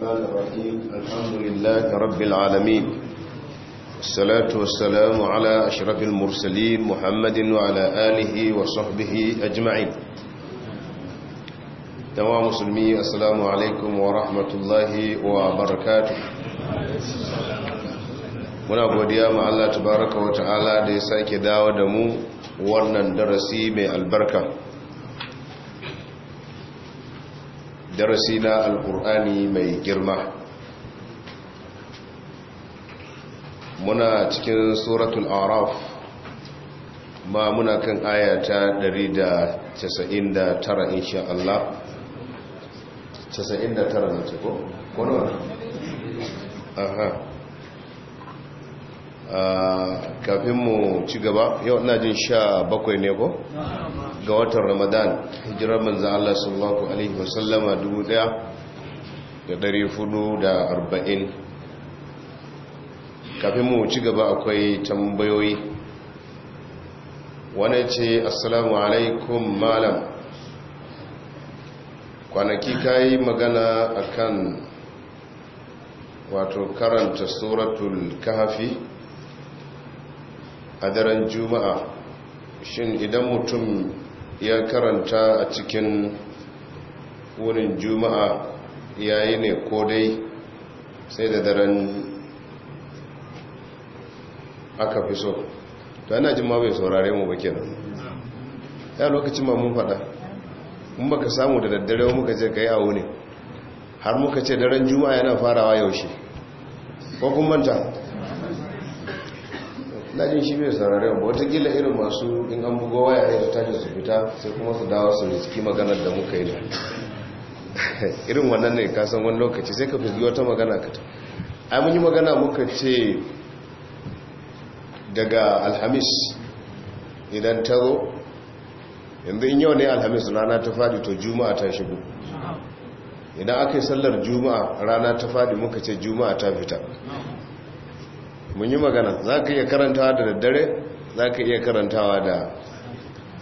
الرحمن الرحيم الحمد لله رب العالمين والصلاة والسلام على أشرف المرسلين محمد وعلى آله وصحبه أجمعين تمام مسلمي السلام عليكم ورحمة الله وبركاته muna godiya ma Allah tabaraka wa ta'ala da ya sake dawo da mu wannan darasi mai albarka darasi na alkur'ani mai girma muna cikin suratul araf ma muna kan ayata 199 insha Allah 99 na ce ko kono aha ah, kafin mu ci gaba yau ina jin 17 ne ko na'am ga watan ramadan hijirar manzan Allah sallallahu alaihi wasallama arba'in. kafin mu ci gaba akwai tambayoyi wane ce assalamu alaikum malam kwanaki ka yi magana kan, wato karanta suratul kahafi a daren juma'a shin idan mutum ya karanta a cikin wurin juma'a yayi ne ko dai sai da daren aka fi so to yana jin ma bai saurare mu ba kenan ya lokacin ma mun faɗa mun baka samu da daddare muka ce kai awo ne har muka ce daren juma'a yana farawa yaushe ko kun manta na shi mai sauraren ba watakila irin masu in an bugo waya ya su tashi su fita sai kuma su dawo su riski maganar da muka yi irin wannan ne kasan wani lokaci sai ka fizgi wata magana ka ta amini magana muka ce daga alhamis idan ta zo yanzu in yau ne alhamis rana ta fadi to juma'a ta shigo idan aka yi sallar juma'a rana ta fadi muka ce juma'a ta fita mun yi magana za ka iya karantawa da daddare za ka iya karantawa da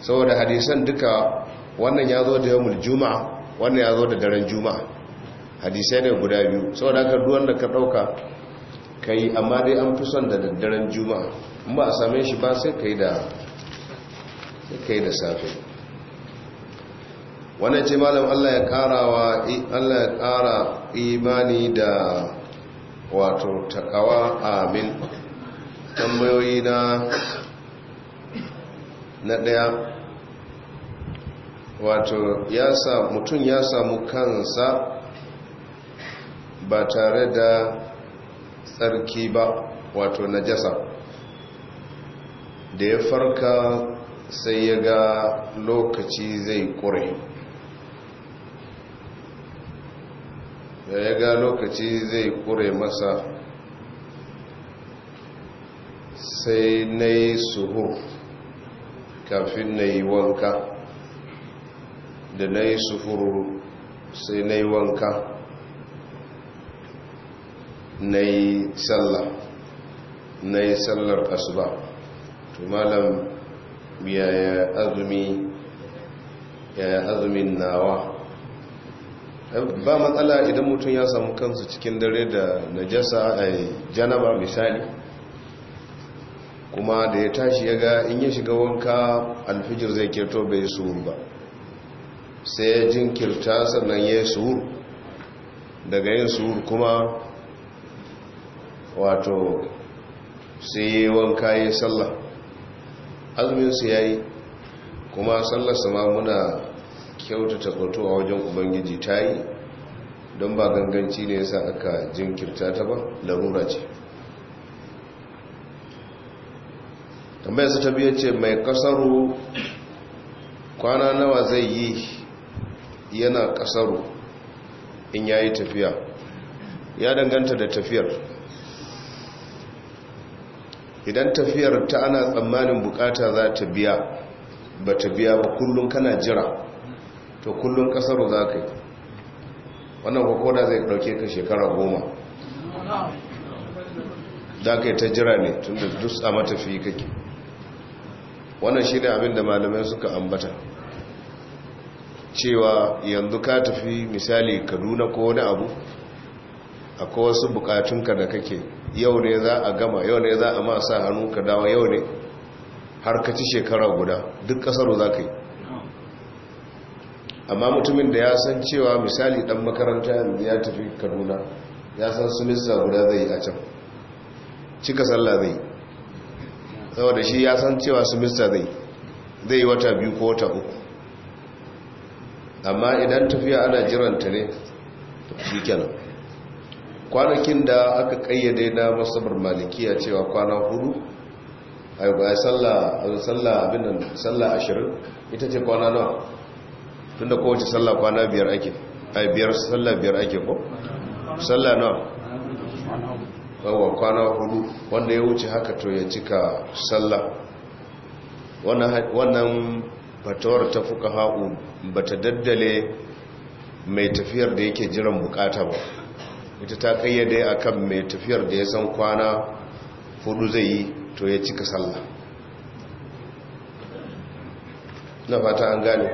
saboda hadisan duka wannan ya zo da yawon juma'a wannan ya zo da daren juma'a hadisai ne guda biyu saboda haka duwan da ka ɗauka ka yi amma dai an fi son da daddaren juma'a in ba a same shi ba sai ka yi da safe wannan ce malam allah ya ƙara imani da wato takawa amin tambayoyi na na daya wato mutum ya samu kansa ba tare da tsarki ba wato na jasa da ya farka sai ya ga lokaci zai ƙure da ya ga lokaci zai kure masa sai na yi suhur kafin na yi wanka da na yi suhur sai na yi wanka na yi sallah na yi sallar asuba to malam yaya azumi yaya azumin nawa ba matsala idan mutum ya samu kansu cikin dare da najasa a eh, janaba misali kuma da ya tashi ya ga in ya shiga wanka alfijir zai kirto bai suhur ba sai ya jinkirta sannan ya suhur daga yin suhur kuma wato sai ya wanka ya yi sallah azumin su ya yi kuma sallarsa ma muna kyautata zato a wajen ubangiji ta yi don ba ganganci ne yasa aka jinkirta ta ba larura ce tambayar su ta ce mai kasaru kwana nawa zai yi yana kasaru in ya yi tafiya ya danganta da tafiyar idan tafiyar ta ana tsammanin bukata za ta biya ba ta biya ba kullum kana jira to kullum kasaru za ka yi wannan kwakwada zai dauke ka shekara goma za ka yi ta jira ne tun da dus a matafi kake wannan shi ne abinda malamai suka ambata cewa yanzu ka tafi misali kaduna ko wani abu akwai wasu bukatunka da kake yau ne za a gama yau ne za a ma sa hannu ka dawa yau ne har ka ci shekara guda duk kasaro za ka yi amma mutumin da ya san cewa misali dan makaranta ya tafi kaduna ya san sunista guda zai a can cika sallah zai saboda shi ya san cewa sunista zai zai wata biyu ko wata uku amma idan tafiya ana jiranta ne shi kenan kwanakin da aka kayyade na masabar malikiya cewa kwana hudu a yi sallah abin sallah ashirin ita ce kwana nawa tunda kowace sallah kwana biyar ake a biyar sallah biyar ake ko sallah nawa yawa kwana hudu wanda ya wuce haka to ya cika sallah wannan fatawar ta fuka ha'u ba ta daddale mai tafiyar da yake jiran bukata ba ita ta kayyade akan mai tafiyar da ya san kwana hudu zai yi to ya cika sallah na fata an gane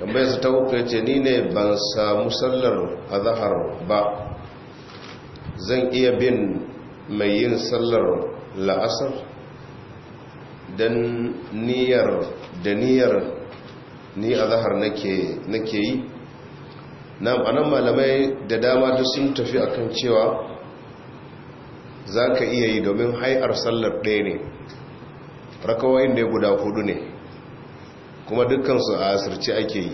su ta uku ya ce ni ne ban samu sallar azahar ba zan iya bin mai yin sallar la'asar don niyyar da niyyar ni azahar nake yi na amfanin malamai da dama duk sun tafi akan cewa za ka iya yi domin hai'ar sallar ɗaya ne rakawayin da ya guda hudu ne kuma dukkansu a asirce ake yi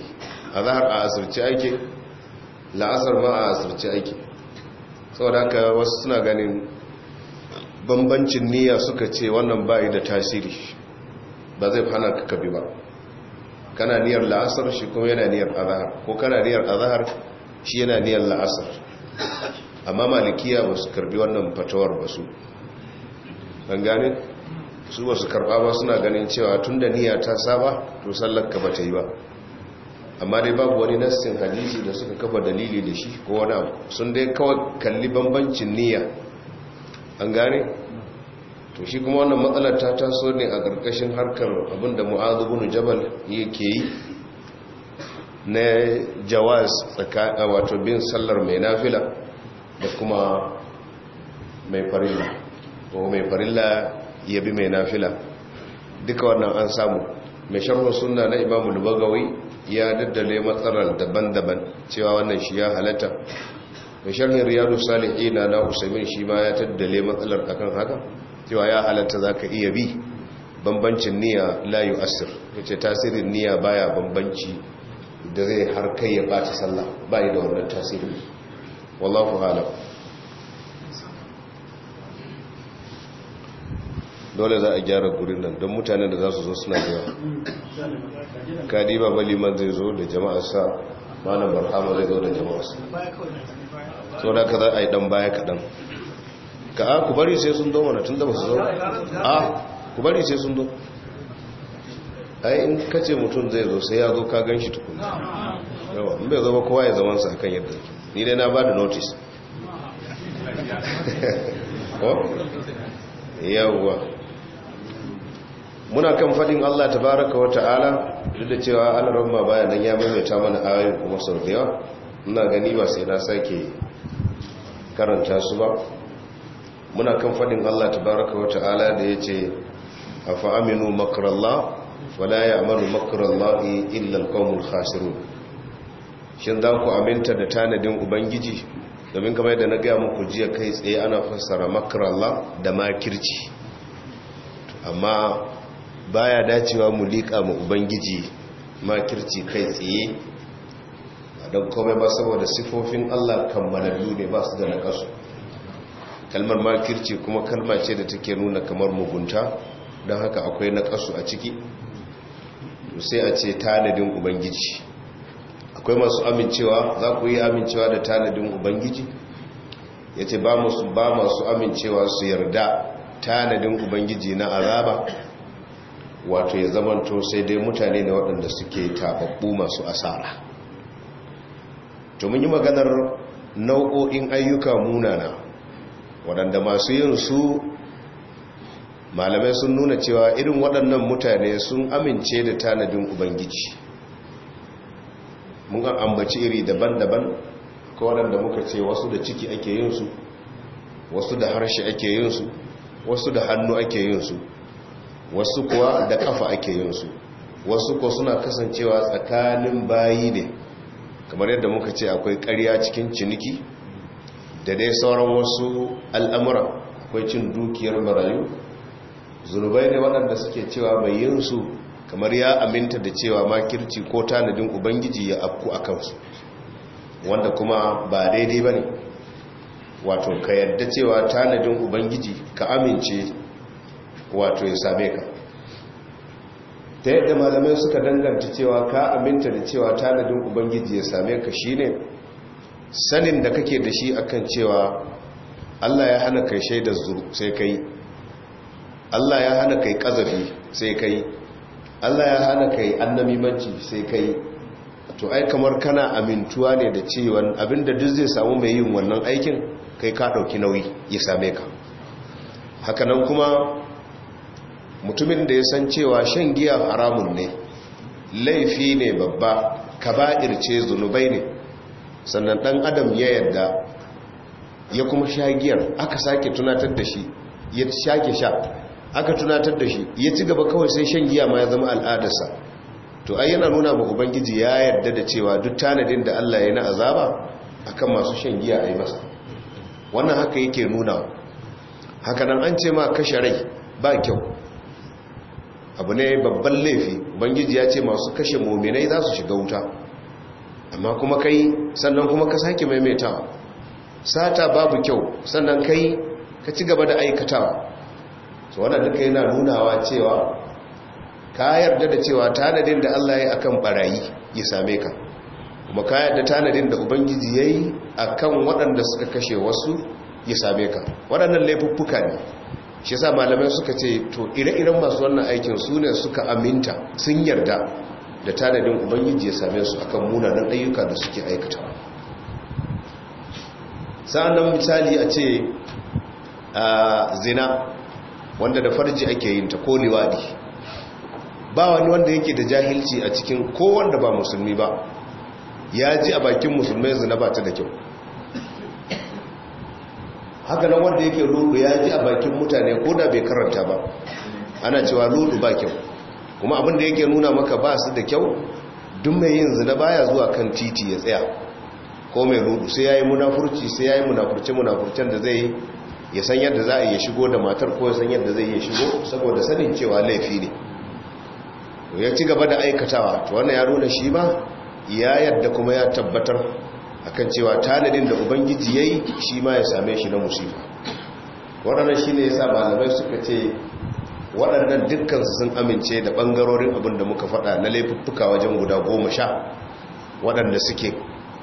a zahar a asirce ake la'asar ma a asirce ake saboda haka wasu suna ganin bambancin niyya suka ce wannan bai da tasiri ba zai hana ka kabi ba kana niyyar la'asar shi kuma yana niyyar azahar ko kana niyyar azahar shi yana niyyar la'asar amma malikiya ba su karbi wannan fatawar ba su gane su ba su karɓa ba suna ganin cewa tun da niyya ta saba to sallar ka ba ta yi ba amma dai babu wani nassin hadisi da suka kafa dalili da shi ko wani abu sun dai kawai kalli bambancin niyya an gane to shi kuma wannan matsalar ta taso ne a ƙarƙashin harkar abinda mu'adu bin jabal yake yi na jawaz tsakanin wato bin sallar mai nafila da kuma mai farilla ko mai farilla ya bi mai nafila duka wannan an samu mai sharhun suna na imamu lubagawai ya daddale matsalar daban-daban cewa wannan shi ya halatta mai sharhun riyadu salihi na usamin shi ma ya daddale matsalar akan haka cewa ya halatta za ka iya bi bambancin niyya layu asir ya ce tasirin niyya baya bambanci da zai har kai ya ta sallah bayi da wannan tasirin wallahu halam dole za a gyara gurin nan don mutanen da za su zo suna da yawa kadi ba zai zo da jama'a sa malam barhama zai zo da jama'a sa so da ka za a yi dan baya dan ka a ku bari sai sun zo mana tun da ba su zo a ku bari sai sun zo ai in kace mutum zai zo sai ya zo ka gan shi tukun yawa in bai zama kowa ya zaman sa kan yadda ni dai na ba da notice ko yawwa muna kan fadin Allah Ta Baraka wa ta'ala duk da cewa Allah rama baya nan ya maimaita mana ayoyi kuma sau da yawa ina gani ba sai na sake karanta su ba muna kan fadin Allah Ta Baraka wa ta'ala da ya ce, afa aminu makarallah wala ya'manu makrallahi illa alqawmul hasiru. shin za ku aminta da tanadin ubangiji domin kamar yadda na gaya muku jiya kai tsaye ana fassara makarallah da makirci amma baya dacewa mu liƙa mu ubangiji makirci kai tsaye don kome ba saboda sifofin Allah kammalallu ne ba su da nakasu kalmar makirci kuma kalma ce da take nuna kamar mugunta don haka akwai nakasu a ciki sai a ce tanadin ubangiji akwai masu amincewa za ku yi amincewa da tanadin ubangiji ya ce ba masu amincewa su yarda tanadin ubangiji na azaba wato ya zamanto sai dai mutane da waɗanda suke tababbu masu asara to mun yi maganar nau'o'in ayyuka munana waɗanda masu yin su malamai sun nuna cewa irin waɗannan mutane sun amince da tanadin ubangiji mun ambaci iri daban-daban ko waɗanda muka ce wasu da ciki ake yin su wasu da harshe ake yin su wasu da hannu ake yin su wasu kuwa da kafa ake yin su wasu kuwa suna kasancewa tsakanin bayi ne kamar yadda muka ce akwai karya cikin ciniki da dai sauran wasu al'amura akwai cin dukiyar marayu zunubai ne waɗanda suke cewa mai yin su kamar ya aminta da cewa makirci ko tanadin ubangiji ya afku a kansu wanda kuma ba daidai ba ne wato ka yadda cewa tanadin ubangiji ka amince wato ya same ka ta yadda malamai suka danganta cewa ka aminta da cewa tanadin ubangiji ya same ka shine sanin da kake da shi akan cewa Allah ya hana kai shaida zuru sai kai Allah ya hana kai kazafi sai kai Allah ya hana kai annamimanci sai kai to ai kamar kana amintuwa ne da cewa abinda duk zai samu mai yin wannan aikin kai ka dauki nauyi ya same ka hakanan kuma mutumin da ya san cewa shan giya haramun ne laifi ne babba kaba'ir ce zunubai ne sannan dan adam ya yadda ya kuma sha giyar aka sake tunatar da shi ya shake sha aka tunatar da shi ya ci gaba kawai sai shan giya ma ya zama al'adarsa to ai yana nuna ma ubangiji ya yadda da cewa duk tanadin da Allah ya yi na azaba akan masu shan giya a yi masa wannan haka yake nuna haka nan an ce ma kashe rai ba kyau abu ne babban laifi ubangiji ya ce masu kashe mominai za su shiga wuta amma kuma kai sannan kuma ka sake maimaitawa sata babu kyau sannan kai ka ci gaba da aikatawa su wadanda duka yana nunawa cewa ka yarda da cewa tanadin da Allah ya akan barayi ya same ka kuma ka yarda tanadin da ubangiji ya yayi akan waɗanda suka kashe wasu ya same ka waɗannan laifuffuka ne shi sa malamai suka ce to ire-iren masu wannan aikin su ne suka aminta sun yarda da tanadin ubangiji ya same su akan munanan ayyuka da suke aikata sa'annan misali a ce zina wanda da farji ake yin ta ko liwadi ba wani wanda yake da jahilci a cikin kowanda ba musulmi ba ya ji a bakin musulmai zina ba ta da kyau haka nan wanda yake ludu ya ji a bakin mutane ko da bai karanta ba ana cewa ludu ba kyau kuma abin da yake nuna maka ba su da kyau duk mai yin zina baya zuwa kan titi ya tsaya ko mai ludu sai yayi munafurci sai yayi munafurce munafurcen da zai ya san yadda za a iya shigo da matar ko ya san yadda zai iya shigo saboda sanin cewa laifi ne ya ci gaba da aikatawa to wannan ya nuna shi ba ya yadda kuma ya tabbatar akan cewa tanadin da ubangiji yayi shi ma ya same shi na musifa waɗannan shine yasa malamai suka ce waɗannan dukkan sun amince da ɓangarorin abin da muka faɗa na laifuffuka wajen guda goma sha waɗanda suke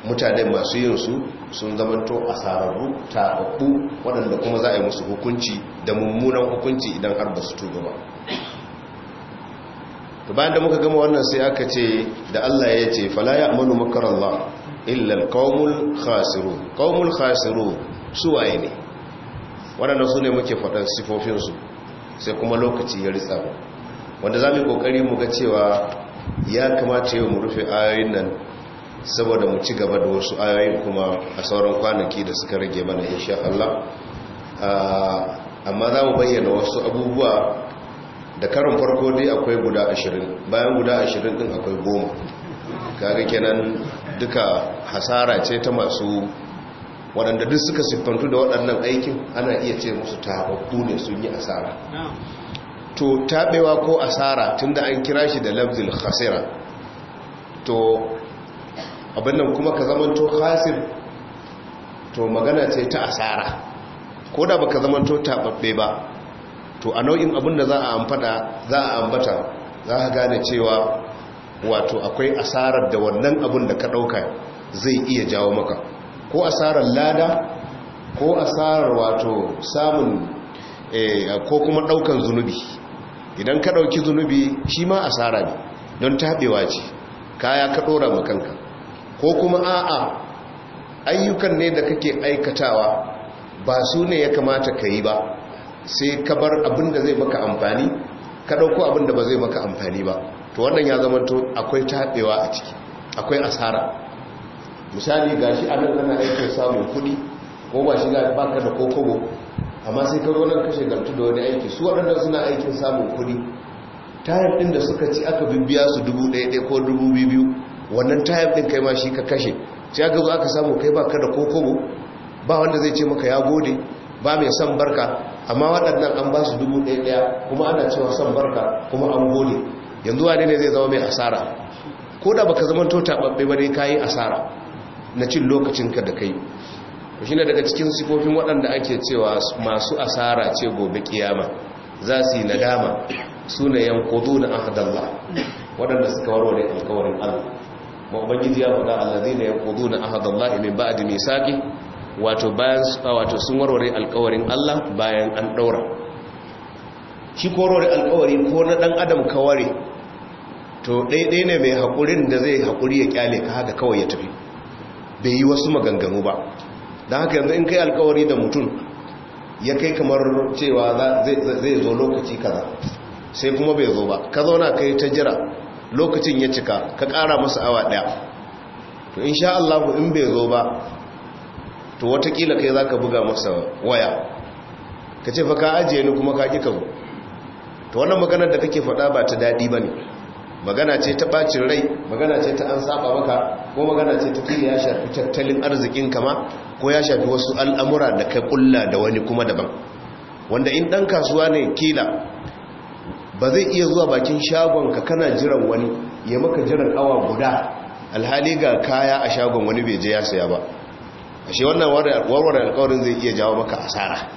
mutane masu yin su sun zamanto asararru taɓaɓɓu waɗanda kuma za a yi musu hukunci da mummunan hukunci idan har ba su tuba ba to bayan da muka gama wannan sai aka ce da Allah ya ce fala ya amalu makarallah illal qaumul khasirun qaumul khasirun waye ne waɗannan su ne muke faɗan su sai kuma lokaci ya ritsa wanda zamu mu yi ƙoƙari mu ga cewa ya kamata yau mu rufe ayoyin nan saboda mu ci gaba da wasu ayoyin kuma a sauran kwanaki da suka rage mana insha Allah amma za mu bayyana wasu abubuwa da karin farko dai akwai guda ashirin bayan guda ashirin din akwai goma kaga kenan duka hasara ce ta masu waɗanda duk suka siffantu da waɗannan aikin ana iya ce musu taɓaɓɓu ne sun yi asara to taɓewa ko asara tunda an kira shi da labzil khasira to abinnan kuma ka zamanto khasir to magana ce ta asara ko da baka zamanto taɓaɓɓe ba to a nau'in abin da za a ambata za a gane cewa wato akwai asarar da wannan abun da ka ɗauka zai iya jawo maka ko asarar lada ko asarar wato samun eh, ko kuma ɗaukan zunubi idan ka ɗauki zunubi shi ma asara ne don taɓewa ce kaya ka ɗora makanka ko kuma a'a ayyukan ne da kake aikatawa ba su ne ya kamata ka yi ba sai ka bar abin da zai maka amfani ka ɗauko abin da ba zai maka amfani ba to wannan ya zamanto akwai taɓewa a ciki akwai asara misali ga shi anan kana aikin samun kuɗi ko ba shi ba ka da kokobo amma sai ka zo nan ka shekartu da wani aiki su waɗanda suna aikin samun kuɗi tayar ɗin da suka ci aka bibiya su dubu ɗaya ɗaya ko dubu biyu wannan tayar ɗin kai ma shi ka kashe sai aka zo aka samu kai baka ka da kokobo ba wanda zai ce maka ya gode ba mai son barka amma waɗannan an ba su dubu ɗaya ɗaya kuma ana cewa son barka kuma an gode yanzu wane ne zai zama mai asara ko da baka zama to tababbe ba ka yi asara na cin lokacinka da kai shi ne daga cikin sifofin waɗanda ake cewa masu asara ce gobe kiyama za su yi nadama kudu na ahadalla waɗanda suka warware alƙawarin Allah ba ubangiji ya faɗa kudu na ahadalla ne ba da misaki wato bayan wato sun warware alƙawarin Allah bayan an daura shi korowar alkawari ko na dan adam kaware to daidai ne mai haƙurin da zai haƙuri ya kyale ka haka kawai ya tafi bai yi wasu maganganu ba don haka yanzu in kai alkawari da mutum ya kai kamar cewa zai zo lokaci kaza sai kuma bai zo ba ka zauna kai ta jira lokacin ya cika ka ƙara masa awa ɗaya to in sha Allah in bai zo ba to watakila kai za ka buga masa waya ka ce fa ka ajiye ni kuma ka ƙi ka zo ta wannan maganar da kake faɗa ba ta daɗi ba ne magana ce ta ɓacin rai magana ce ta an saba maka ko magana ce ta kiri ya shafi tattalin arzikin kama ko ya shafi wasu al'amura da ka ƙulla da wani kuma daban wanda in ɗan kasuwa ne kila ba zai iya zuwa bakin shagon ka kana jiran wani ya maka jiran awa guda alhali ga kaya a shagon wani bai je ya saya ba ashe wannan warware alkawarin zai iya jawo maka asara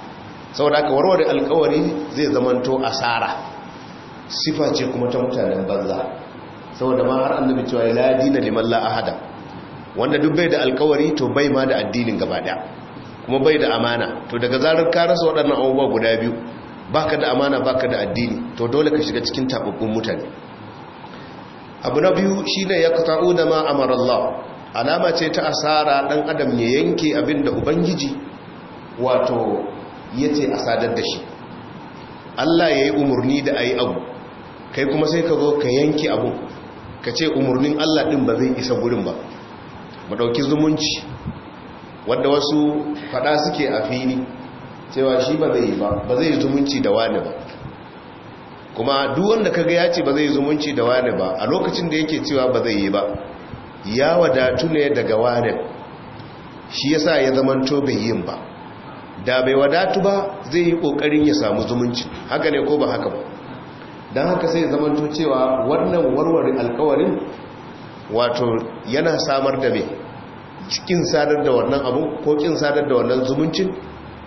saboda haka warware alkawari zai zamanto asara sifa ce kuma ta mutanen banza saboda ma har annabi cewa la dina liman la ahada wanda duk bai da alkawari to bai ma da addinin gaba daya kuma bai da amana to daga zarar ka rasa waɗannan abubuwa guda biyu baka da amana baka da addini to dole ka shiga cikin tababbun mutane abu na biyu shine yaqta'una ma amara Allah alama ce ta asara dan adam ya yanke abin da ubangiji wato ya ce a sadar da shi Allah ya yi umarni da ayi abu kai kuma sai ka zo ka yanki abu ka ce umarnin Allah ɗin ba zai isa gurin ba ba ɗauki zumunci wadda wasu faɗa suke a fini, cewa shi ba zai yi ba ba zai zumunci da wani ba kuma duk wanda kaga ya ce ba zai zumunci da wani ba a lokacin da yake cewa ba zai yi ba ya wadatu ne daga wani shi yasa ya zamanto bai yin ba da bai wadatu ba zai yi kokarin ya samu zumunci haka ne ko ba haka ba don haka sai zamanto cewa wannan warware alkawarin wato yana samar da mai cikin sadar da wannan abu ko kin sadar da wannan zumuncin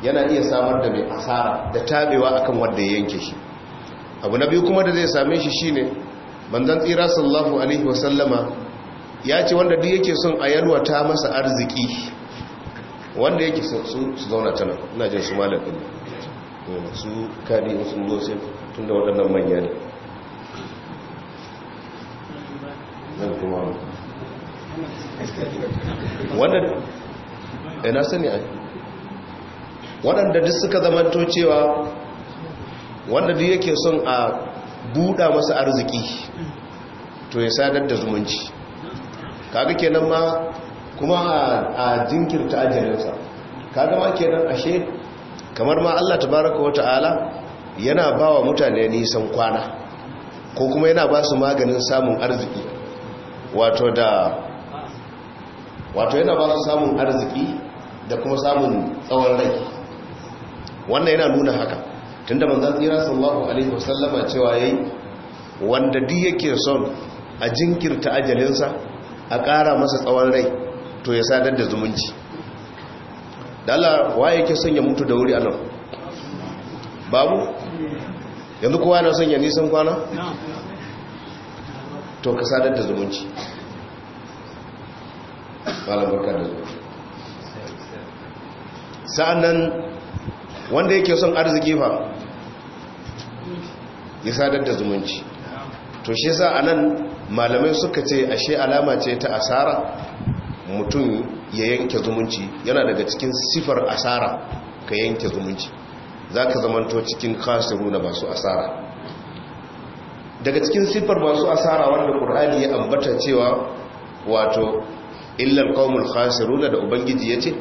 yana iya samar da mai asara da tabewa akan wanda ya yanke shi abu na biyu kuma da zai same shi shine manzon tsira sallallahu alaihi wasallama ya ce wanda duk yake son a yalwata masa arziki wanda yake son su zauna tana ina jin su malakin su kadi sun zo sai da waɗannan manya ne eh, sani a waɗanda duk suka zamanto cewa wanda duk yake son a buɗa masa arziki to ya sadar da zumunci kaga kenan ma kuma a jinkirta ajiyarsa kaga ma kenan ashe kamar ma Allah tabaraka wa ta'ala yana ba wa mutane nisan kwana ko kuma yana ba su maganin samun arziki wato da wato yana ba su samun arziki da kuma samun tsawon rai wannan yana nuna haka tunda manzan tsira sallallahu alaihi wasallama cewa yayi wanda duk yake son a jinkirta ajalinsa a ƙara masa tsawon rai to ya sadar da zumunci da Allah wa yake son ya mutu da wuri a nan babu yanzu kowa yana son ya sun kwana to ka sadar da zumunci malam da zumunci nan wanda yake son arziki fa ya sadar da zumunci to shi sa nan malamai suka ce ashe alama ce ta asara mutum ya yanke zumunci yana daga cikin sifar asara ka yanke zumunci za ka zamanto cikin kasiru na masu asara daga cikin siffar masu asara wanda ƙur'ani ya ambata cewa wato illar kasiru na da ubangiji ya yace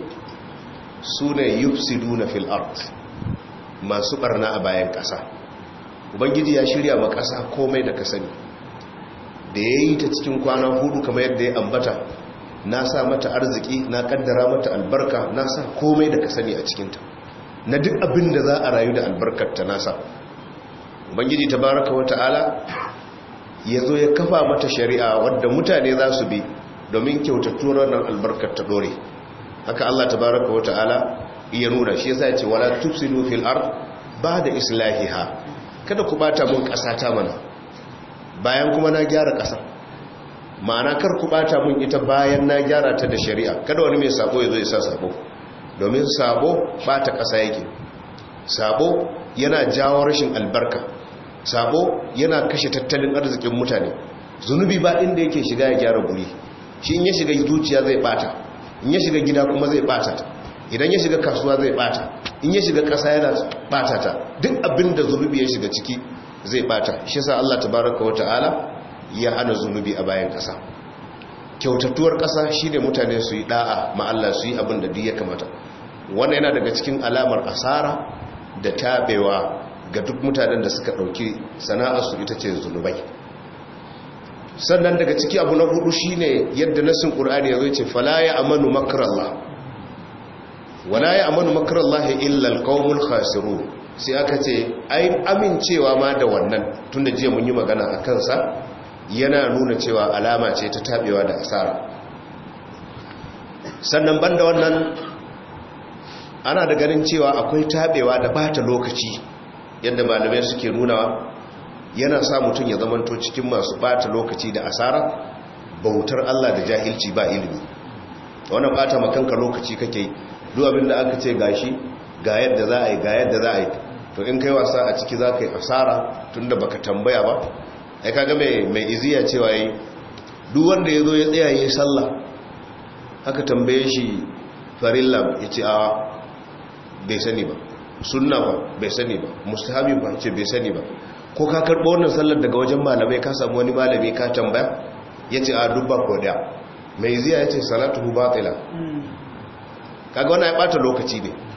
suna yufsiduna na Fil'art masu barna a bayan ƙasa ubangiji ya shirya ma ƙasa komai da sani. da ya yi ta cikin kwana hudu kamar yadda ya ambata na sa mata arziki na ƙaddara mata albarka na sa komai da kasani a cikinta na duk abin da za a rayu da albarkar ta nasa ubangiji tabaraka wa ta'ala ya zo ya kafa mata shari'a wadda mutane za su bi domin kyauta wannan albarkar ta dore haka Allah tabaraka wa ta'ala iya nuna shi ya ce wala tufsidu fil ard islahi islahiha kada ku bata mun kasa ta mana bayan kuma na gyara kasa ma'ana kar ku bata mun ita bayan na gyara ta da shari'a kada wani mai sako ya zo ya sa sako domin sabo ba ta ƙasa yake sabo yana jawo rashin albarka sabo yana kashe tattalin arzikin mutane zunubi ba inda yake shiga ya gyara guri shi in ya shiga zuciya zai bata in ya shiga gida kuma zai bata idan ya shiga kasuwa zai bata in ya shiga ƙasa yana bata ta duk abin da zunubi ya shiga ciki zai bata shi sa Allah tabaraka wa ta'ala ya hana zunubi a bayan ƙasa kyautatuwar ƙasa shi ne mutane su yi ɗa'a ma'alla su yi abin da duk ya kamata wannan yana daga cikin alamar asara da taɓewa ga duk mutanen da suka ɗauki sana'arsu ita ce zunubai sannan daga ciki abu na hudu shi ne yadda nasin ƙur'ani ya zai ce ya amanu makarallah wala ya amanu makarallah ya illal kawmul khasiru sai aka ce ai amincewa ma da wannan tun da jiya mun yi magana a kansa yana nuna cewa alama ce ta tabewa da asara sannan banda wannan ana da ganin cewa akwai tabewa da bata lokaci yadda malamai suke nuna yana sa mutum ya zamanto cikin masu bata lokaci da asara bautar Allah da jahilci ba ilimi wannan bata makanka lokaci kake duk abin da aka ce gashi ga yadda za a yi ga yadda za a yi to in kai wasa a ciki za ka yi asara tunda baka tambaya ba ai kaga mai mai iziya cewa yi duk wanda ya zo ya tsaya yi sallah aka tambaye shi farilla ya ce a bai sani ba sunna ba bai sani ba mustahabi ba ce bai sani ba ko ka karɓo wannan sallar daga wajen malamai ka samu wani malami ka tambaya ya ce a dubba ko da mai iziya ya ce salatu batila hmm. kaga wani ya ɓata lokaci ne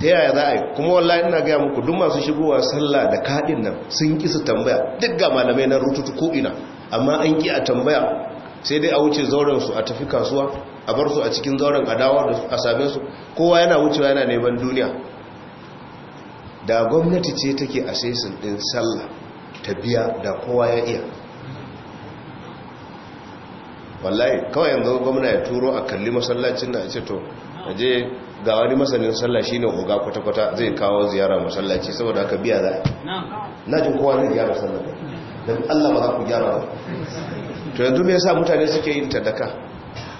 ta yaya za a yi kuma wallahi ina gaya muku duk masu shigowa sallah da kaɗin nan sun ƙi su tambaya duk ga malamai na rututu ko'ina amma an ƙi a tambaya sai dai a wuce zauren su a tafi kasuwa a bar su a cikin zauren adawa da a same su kowa yana wucewa yana neman duniya da gwamnati ce take a din ɗin sallah ta biya da kowa ya iya wallahi kawai yanzu gwamna ya turo a kalli masallacin da a ce to aje ga wani masanin sallah shine oga kwata-kwata zai kawo ziyara masallaci saboda haka biya za na jin kowa zai gyara sallah don allah ba za ku gyara ba to yanzu me yasa mutane suke yin tadaka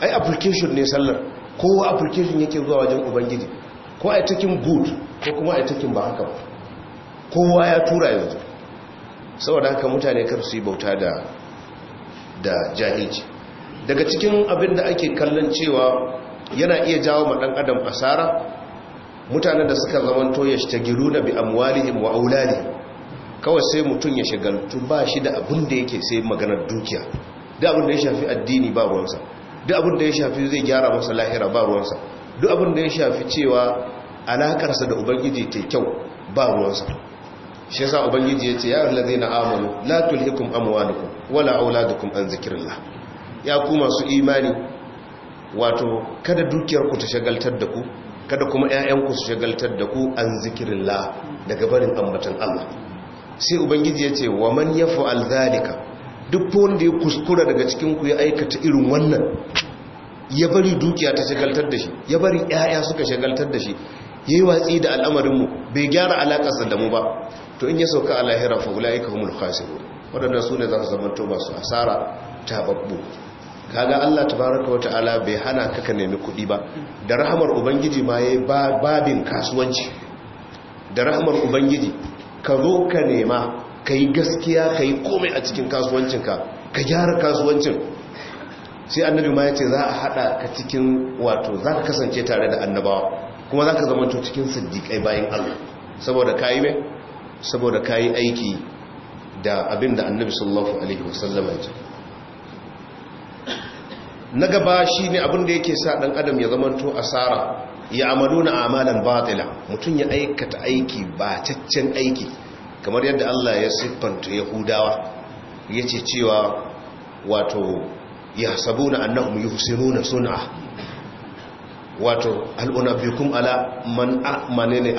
ai application ne sallar kowa application yake zuwa wajen ubangiji ko ai takin good ko kuma ai takin ba haka ba kowa ya tura yanzu saboda haka mutane kar su yi bauta da da jahilci daga cikin abin da ake kallon cewa yana iya jawo ma dan adam asara mutanen da suka zamanto ya na bi amwalihim wa aulali kawai sai mutum ya shagaltu ba shi da abin da yake sai maganar dukiya duk abin da ya shafi addini ba ruwansa duk abin da ya shafi zai gyara masa lahira ba ruwansa duk abin da ya shafi cewa alakarsa da ubangiji ta kyau ba ruwansa shi yasa ubangiji ya ce ya allazina amanu la tulhikum amwalukum wala auladukum an zikrillah ya ku masu imani wato kada dukiyarku ta shagaltar da ku kada kuma 'ya'yanku su shagaltar da ku an zikirin la daga barin ambatan Allah sai ubangiji ya ce wa man ya fa'al duk wanda ya kuskura daga cikinku ya aikata irin wannan ya bari dukiya ta shagaltar da shi ya bari 'ya'ya suka shagaltar da shi ya yi watsi da al'amarinmu bai gyara sa da mu ba to in ya sauka a lahira fa wula'ika humul khasirun waɗanda su ne za su zama to masu asara babbu. kaga Allah tabaraka wa ta'ala bai hana ka ka nemi kuɗi ba da rahamar ubangiji ma yayi babin kasuwanci da rahamar ubangiji ka zo ka nema kai gaskiya kai komai a cikin kasuwancinka ka gyara kasuwancin sai annabi ma ya ce za a hada ka cikin wato za ka kasance tare da annabawa kuma za ka zamanto cikin sadiƙai bayan Allah saboda kayi mai saboda yi aiki da abin da annabi sallallahu alaihi wasallam ya ce na gaba shi ne abinda yake sa ɗan adam ya zamanto asara ya amalu na amalan batila mutum ya aikata aiki ba caccen aiki kamar yadda Allah ya siffanta yahudawa ya ce cewa wato ya sabu na annahum yi na suna wato al'unafikun ala manene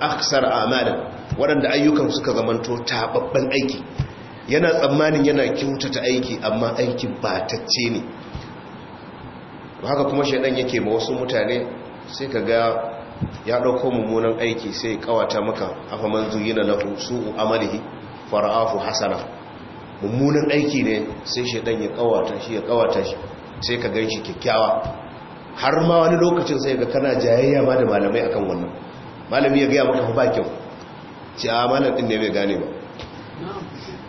aksar amalan waɗanda ayyukan suka zamanto taɓaɓɓen aiki yana tsammanin yana kyautata aiki amma aiki ba ta ce ne haka kuma shaidan yake ba wasu mutane sai ka ga ya ɗauko mummunan aiki sai ya kawata maka manzu yana lahu su'u amalihi fara'afu hasana mummunan aiki ne sai shaidan ya kawata shi ya kawata shi sai ka gan shi kyakkyawa har ma wani lokacin sai ga kana jayayya ma da malamai akan wannan malami ya gaya maka ba kyau ci a malam din ne bai gane ba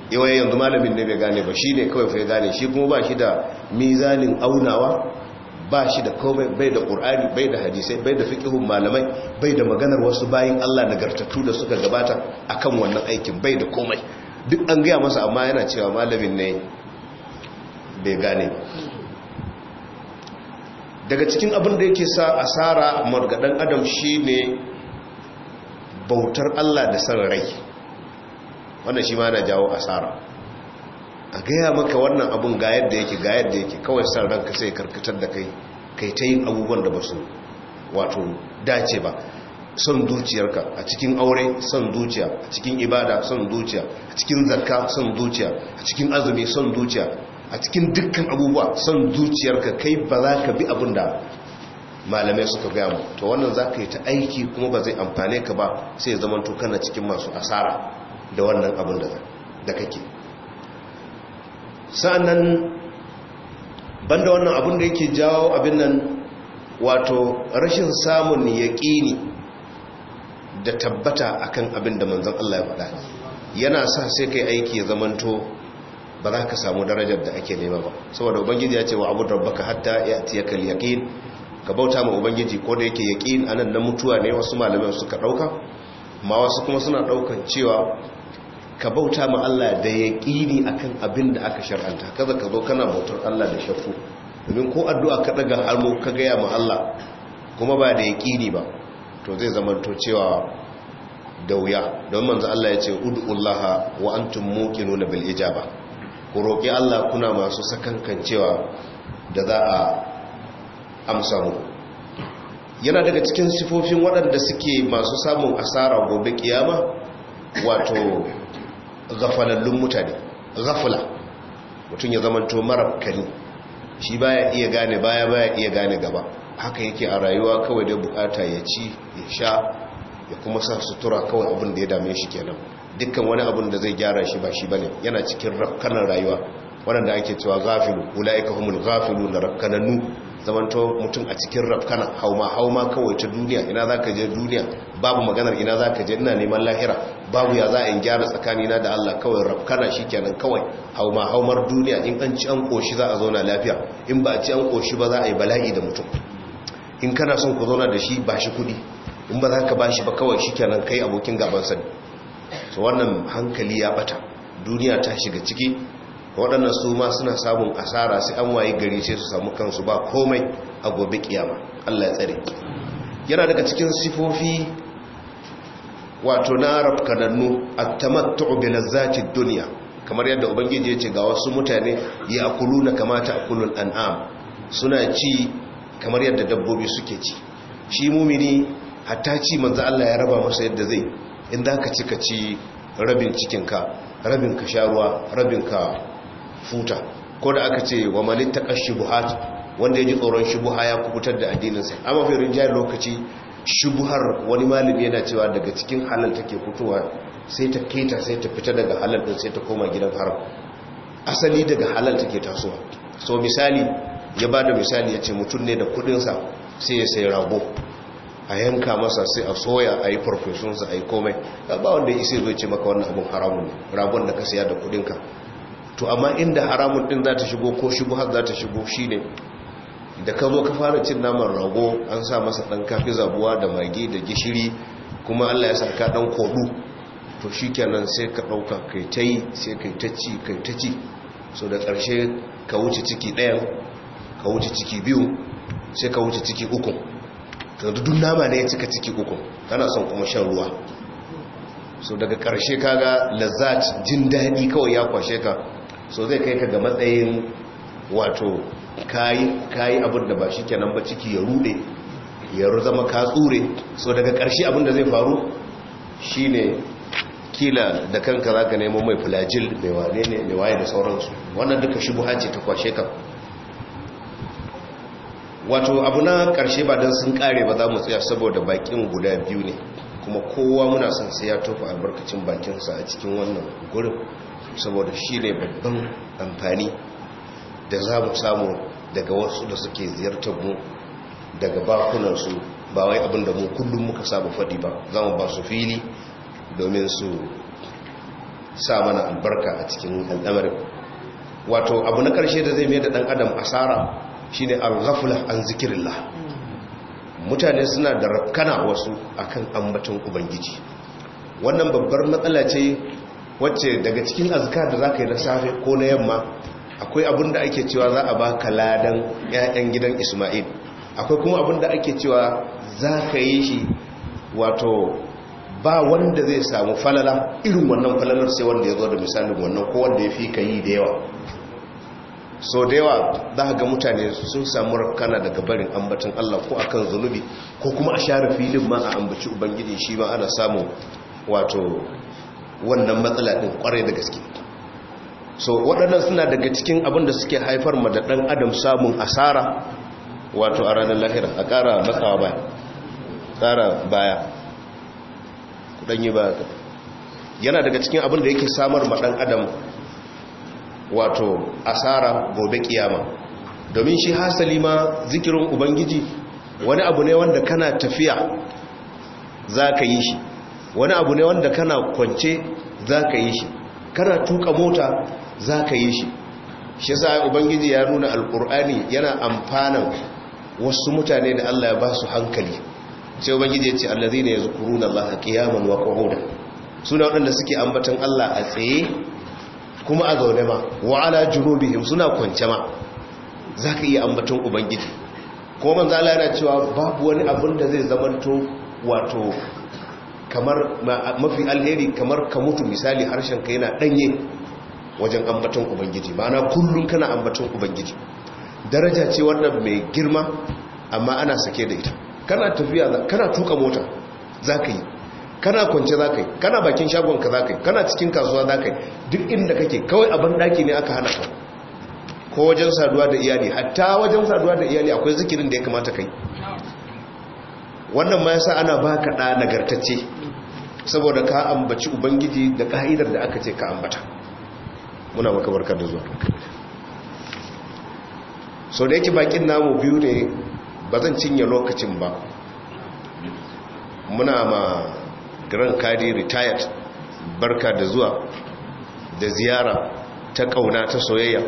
Yawai, yanzu malamin ne bai gane ba shi ne kawai fai gane shi kuma ba shi da mizanin aunawa ba shi da komai bai da ƙur'ani bai da hadisai bai da fiƙihun malamai bai da maganar wasu bayan allah nagartattu da suka gabata a kan wannan aikin bai da komai duk an gaya masa amma yana cewa malamin ne bai gane daga cikin abin da yake sa asara margadan adam shi ne bautar allah da san rai wannan shi ma na jawo asara a gaya maka wannan abun ga yadda yake ga yadda yake kawai san ranka sai karkatar da kai kai ta yin abubuwan da ba su wato dace ba son zuciyarka a cikin aure son zuciya a cikin ibada son zuciya a cikin zakka son zuciya a cikin azumi son zuciya a cikin dukkan abubuwa son zuciyarka kai ba za ka bi abun da malamai suka gaya mu to wannan za ka yi ta aiki kuma ba zai amfane ka ba sai ya zama kana cikin masu asara da wannan abin da kake sa'annan banda wannan abin da yake jawo abin nan wato rashin samun yaƙini da tabbata akan abin da manzon Allah ya faɗa yana sa sai kai aiki ya zamanto ba za ka samu darajar da ake nema ba saboda ubangiji ya ce wa abu rabbaka hatta ya tiyaka yaqin ka bauta ma ubangiji ko da yake yaqin anan na mutuwa ne wasu malaman suka dauka ma wasu kuma suna daukan cewa ka bauta ma Allah da ya a akan abin da aka shar'anta kaza ka zo kana bautar Allah da shafu, domin ko addu'a ka daga harmo ka gaya ma Allah kuma ba da ya yaqini ba to zai to cewa da wuya don manzu Allah ya ce ud'ullaha wa antum muqinuna bil’ija ba, ku roƙi Allah kuna masu sakankan cewa da za a amsa mu yana daga cikin sifofin waɗanda suke masu samun asara gobe kiyama wato gafalallun mutane gafula mutum ya zamanto marar kani shi baya iya gane baya baya iya gane gaba haka yake a rayuwa kawai da bukata ya ci ya sha ya kuma sa sutura kawai abin da ya dame shi kenan dukkan wani abin da zai gyara shi ba shi bane yana cikin rakkanan rayuwa wadanda ake cewa gafilu ula'ika humul gafilu na rakkananu to mutum a cikin rafkana hauma hauma kawai ta duniya ina za je duniya babu maganar ina zaka je ina neman lahira babu ya za a in gyara tsakanina da Allah kawai rafkana shi kenan kawai hau haumar duniya in an ci an koshi za a zauna lafiya in ba ci an koshi ba za a yi bala'i da mutum in kana son ku zauna da shi ba shi kudi in ba za ka ba shi ba kawai shi kenan kai abokin gaban sani so wannan hankali ya bata duniya ta shiga ciki waɗannan su ma suna samun asara sai an waye gari sai su samu kansu ba komai a gobe kiyama Allah ya tsare yana daga cikin sifofi wato na arab kanannu at-tamattu bi lazzati dunya kamar yadda ubangiji ya ce ga wasu mutane ya akuluna kama ta akulul an'am suna ci kamar yadda dabbobi suke ci shi mumini hatta ci manzo Allah ya raba masa yadda zai in za ka ci ka ci rabin cikinka rabin ka sha rabin ka futa ko da aka ce wa malittaqash shubuhat wanda ya ji tsoron shubuha ya kubutar da addininsa amma fi rinjayar lokaci shubuhar wani malami yana cewa daga cikin halal take fitowa sai ta keta sai ta fita daga halal din sai ta koma gidan haram asali daga halal take tasowa so misali ya bada misali ya ce mutum ne da kudinsa sai ya sai rago a yanka masa sai a soya a yi farfesunsa a yi komai ba wanda ya isa zai ce maka wannan abin haramun ne ragon da ka saya da kudinka to amma inda haramun din za ta shigo ko shubuhar za ta shigo shine da ka zo ka fara cin naman rago an sa masa dan kafi zabuwa da magi da gishiri kuma allah ya sa ka ɗan kodu to shikenan sai ka ɗauka kai ta yi sai kai ta ci kai ta ci so da ƙarshe ka wuce ciki daya ka wuce ciki biyu sai ka wuce ciki uku ka duk nama ne ya cika ciki uku kana son kuma shan ruwa so daga ƙarshe kaga lazzat jin daɗi kawai ya kwashe ka so zai kai ka ga matsayin wato kayi abin da ba shi kenan ba ciki ya rude ya zama ka tsure so daga karshe abin da zai faru shine kila da kanka za ka nemo mai filajil mai wane ne mai waye da sauransu wannan duka shi buhanci ta kwashe ka wato abu na karshe ba don sun kare ba za mu tsaya saboda bakin guda biyu ne kuma kowa muna son sai ya tofa albarkacin bakinsa a cikin wannan gurin saboda shi ne babban amfani da za mu samu daga wasu da suke ziyartar mu daga bakunansu ba wai abin da mu kullum muka samu faɗi ba za mu ba su fili domin su sa mana albarka a cikin al'amarin wato abu na ƙarshe da zai mai da ɗan adam asara shine al-ghafla an zikirillah mutane suna da rakkana wasu akan ambaton ubangiji wannan babbar matsala ce wacce daga cikin azuka da za ka yi na safe ko na yamma akwai abin da ake cewa za a ba ka ladan 'ya'yan gidan isma'il akwai kuma abin da ake cewa za ka yi shi wato ba wanda zai samu falala irin wannan falalar sai wanda ya zo da misalin wannan ko wanda ya fi ka yi da yawa so da yawa za ga mutane sun samu rakana daga barin ambatan Allah ko akan zunubi ko kuma a share filin ma a ambaci ubangiji shi ma ana samu wato wannan matsala din kwarai da gaske so waɗannan suna daga cikin abin da suke haifar ma da ɗan adam samun asara wato a ranar lahira a ƙara matsawa baya ƙara baya kudanyi ba yana daga cikin abin da yake samar ma ɗan adam wato asara gobe kiyama domin shi hasali ma zikirin ubangiji wani abu ne wanda kana tafiya za ka yi shi wani abu ne wanda kana kwance za ka yi shi kana tuka mota za ka yi shi shi sa ubangiji ya nuna alkur'ani yana amfanan wasu mutane da Allah ya ba su hankali sai ubangiji ya ce allazi ne ya zukuru na Allah kiyaman wa hoda? suna waɗanda suke ambatan Allah a tsaye kuma a zaune ma wa ala junubihim suna kwance ma za ka iya ambatan ubangiji Ko man Allah yana cewa babu wani abin da zai zamanto wato kamar mafi alheri kamar ka mutu misali harshen ka yana ɗanye. wajen ambaton ubangiji ma'ana kullum kana ambaton ubangiji daraja ce wannan mai girma amma ana sake da ita kana tafiya kana tuka mota za ka yi kana kwance za ka yi kana bakin shagonka za ka yi kana cikin kasuwa za ka yi duk inda kake kawai a daki ne aka hana ka ko wajen saduwa da iyali hatta wajen saduwa da iyali akwai zikirin da ya kamata kai wannan ma yasa ana baka da nagartacce saboda ka ambaci ubangiji da ka'idar da aka ce ka ambata muna maka barka da zuwa sau da yake bakin namu biyu ne ba zan cinye lokacin ba muna ma grand cardi retired barka da zuwa da ziyara ta kauna ta soyayya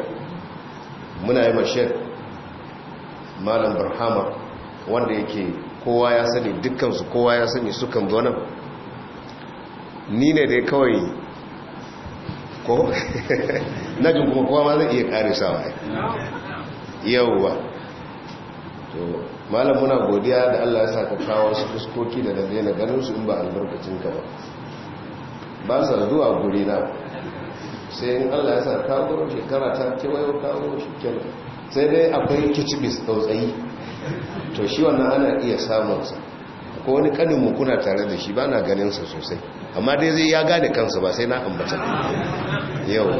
muna yi mashir malam barhama wanda yake kowa ya sani dukkansu kowa ya sani sukan zo nan ni ne dai kawai ko na jin kuma kowa ma zai iya karisawa yauwa to malam muna godiya da Allah ya saka kawo su fuskoki da dade na ganin su in ba albarkacin ka ba ba sa zuwa guri na sai in Allah ya saka kawo shekara ta kewayo kawo shi kenan sai dai akwai kicibis tsautsayi to shi wannan ana iya samunsa ko wani kanin mu kuna tare da shi ba na ganin sa sosai amma dai zai ya gane kansa ba sai na ambata yau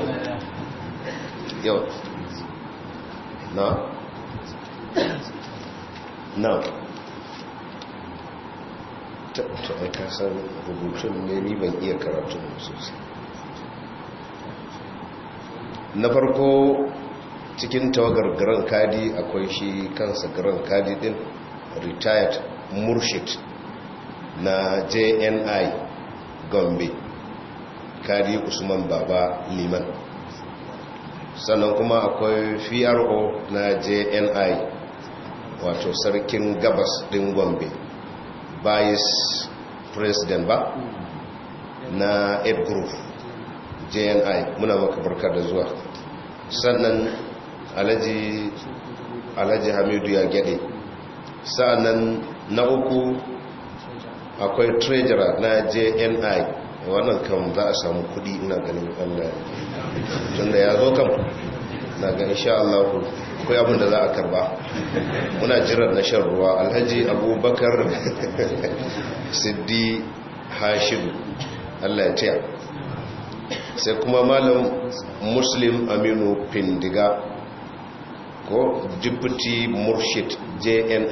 yau na na ta ta san rubutun ne ni ban iya karatu sosai na farko cikin tawagar grand kadi akwai shi kansa grand kadi din retired murshid na jni gombe kari usman baba liman sannan kuma akwai fro na jni wato sarkin gabas din gombe bayis president ba na aid group jni muna maka barka da zuwa sannan alhaji hamidu ya gade sa'annan na uku akwai treasurer na jni wannan kan za a samu kudi ina ganin allah Tunda ya zo kan na ga insha Allah akwai abin da za a karba muna jiran na shan ruwa alhaji abubakar siddi hashim Allah ya taya sai kuma malam muslim aminu pindiga ko jibuti murshid jni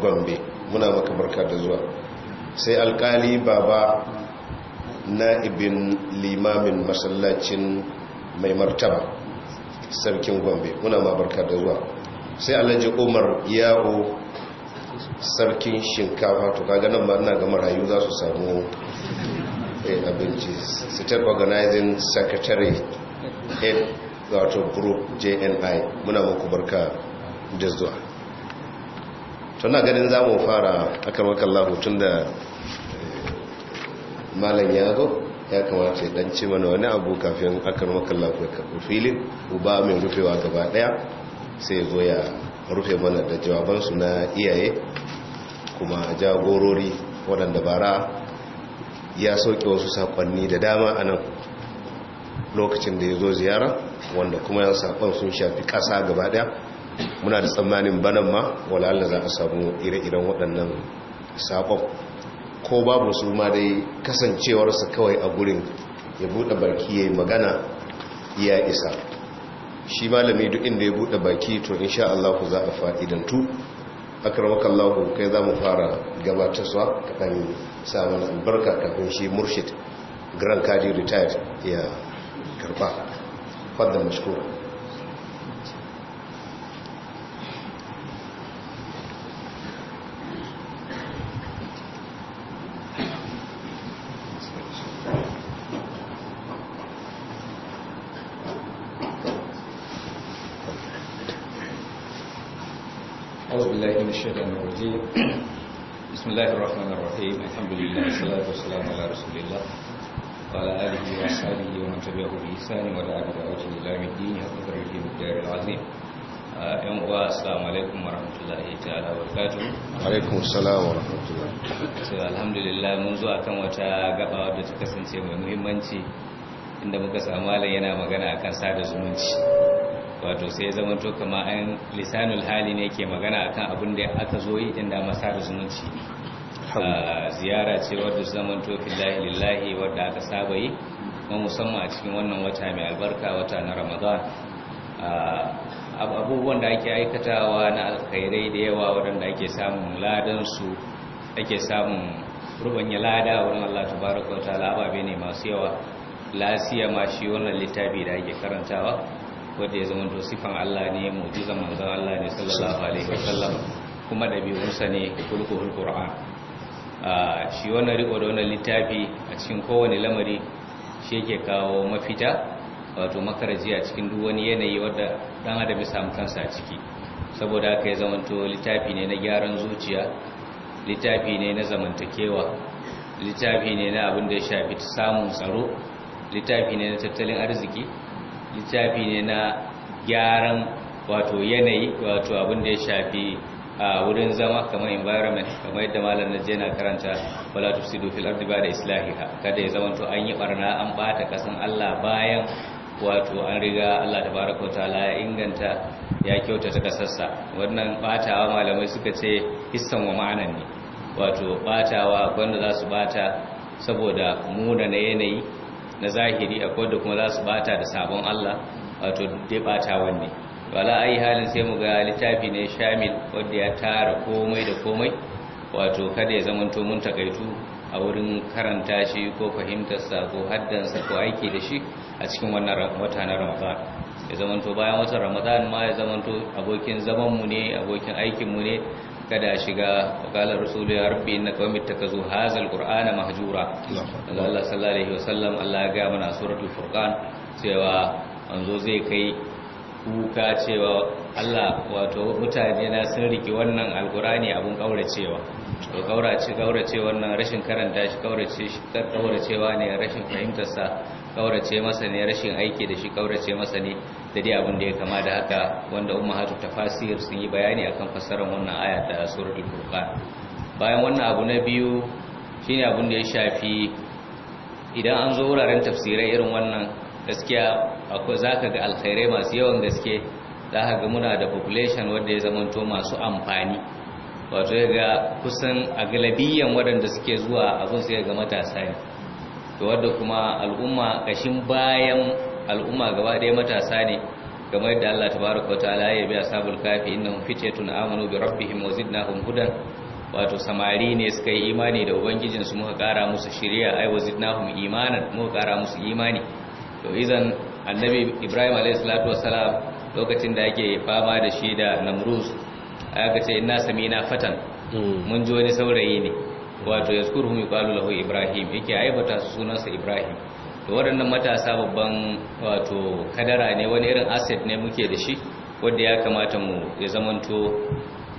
gombe muna maka barka da zuwa sai alkali baba na'ibin limamin masallacin mai martaba sarkin gombe muna mabarka da zuwa sai alhaji umar yawo sarkin shinkafa to kaga nan ma ina ga marayu za su samu eh, abinci state organizing secretary head wato group jni muna muku barka da zuwa tuna ganin za mu fara akan wakallahu tun da eh, malam ya zo ya kamata ya dan ce mana wani abu kafin akan wakallahu ya karɓi filin uba mai rufewa gaba daya sai zo ya rufe mana da jawabansu na iyaye kuma jagorori waɗanda bara ya sauke wasu sakonni da dama a nan lokacin da ya zo ziyara wanda kuma ya sakon sun shafi ƙasa gaba ɗaya muna da tsammanin banan ma wala Allah za a samu ire-iren waɗannan saƙo. ko babu su ma dai kasancewarsa kawai a gurin ya buɗe baki ya magana ya isa shi malami duk inda ya buɗe baki to insha Allah za a fa'idantu akarwakan lahu kai za mu fara gabatarwa kaɗan samun albarka kafin shi murshid grand kadi retired ya karba fadda mashkura الشيطان الرجيم بسم الله الرحمن الرحيم الحمد لله والصلاة والسلام على رسول الله وعلى آله وأصحابه ومن تبعه بإحسان ودعا بدعوته إلى يوم الدين وقدر في مقدار العظيم wata gaba da ta kasance mai muhimmanci inda muka samu malam yana magana akan sada zumunci wato sai zama to kama an lisanul hali ne ke magana akan abin da aka zo yi inda masa da zumunci ne ah, ziyara ce wadda zama to fillahi lillahi wadda aka saba yi kuma musamman a cikin wannan wata mai albarka wata na ramadan ah, abubuwan da ake aikatawa na alkhairai da yawa wadanda ake samun ladan su ake samun rubanya lada wurin Allah tabaraka wa ta'ala ababe ne masu yawa lasiya ma shi wannan littafi da ake karantawa wanda ya zama to sifan Allah ne mu'jizan manzon Allah ne sallallahu alaihi wasallam kuma dabi'unsa ne kulkuhul qur'an shi wannan riko da wannan littafi a cikin kowane lamari shi yake kawo mafita wato makaraji a cikin duk wani yanayi wanda dan adam ya samu kansa a ciki saboda haka ya zama to littafi ne na gyaran zuciya littafi ne na zamantakewa littafi ne na abin da ya shafi samun tsaro littafi ne na tattalin arziki littafi ne na gyaran wato yanayi wato abin da ya shafi a wurin zama kamar environment kamar yadda malam na jena karanta wala tufsidu fil ardi ba da islahiha kada ya zama to an yi barna an bata kasan Allah bayan wato an riga Allah tabaraka wa ta'ala ya inganta ya kyauta kyautata kasarsa wannan batawa malamai suka ce hissan wa ma'anan ne wato batawa wanda za su bata saboda muna na yanayi na zahiri akwai da kuma za su bata da sabon Allah wato dai bata wanne wala ai halin sai mu ga littafi ne shamil wanda ya tara komai da komai wato kada ya zamanto mun takaitu a wurin karanta shi ko fahimtar sa ko haddansa ko aiki da shi a cikin wannan wata na ramadan ya zamanto bayan watan ramadan ma ya to abokin zaman mu ne abokin aikin mu ne kada shiga qala rasulu ya rabbi innaka wamitakazu hadha alqur'ana mahjura daga Allah sallallahu alaihi wasallam Allah ya ga mana suratul furqan cewa anzo zai kai kuka cewa Allah wato mutane na sun rike wannan alqur'ani abun kauracewa to kaurace kaurace wannan rashin karanta shi kaurace shi kauracewa ne rashin fahimtar sa kaurace masa ne rashin aiki da shi kaurace masa ne da dai abin da ya kama da haka wanda hatu tafasir sun yi bayani akan fassarar wannan aya ta suratul furqan bayan wannan abu na biyu shine abin da ya shafi idan an zo wuraren tafsirai irin wannan gaskiya akwai zaka ga alkhairai masu yawan gaske za ka ga muna da population wanda ya zamanto masu amfani wato ga kusan a wadanda suke zuwa abin sai ga matasa ne to wadda kuma al'umma ƙashin bayan al'umma gaba ɗaya matasa ne kamar yadda Allah tabaraka wa ta'ala ya biya sabul kafi innahum fitatun amanu bi rabbihim wa zidnahum hudan wato samari ne suka yi imani da ubangijin su muka kara musu shiriya ai wa zidnahum imanan muka kara musu imani to idan annabi Ibrahim alayhi salatu wassalam lokacin da yake fama da shi da Namrus aka ce inna samina fatan hmm. mun ji wani saurayi ne wato yazkuruhum yuqalu lahu Ibrahim yake aibata sunansa Ibrahim da waɗannan matasa babban wato kadara ne wani irin asset ne muke da shi wadda ya kamata mu ya zamanto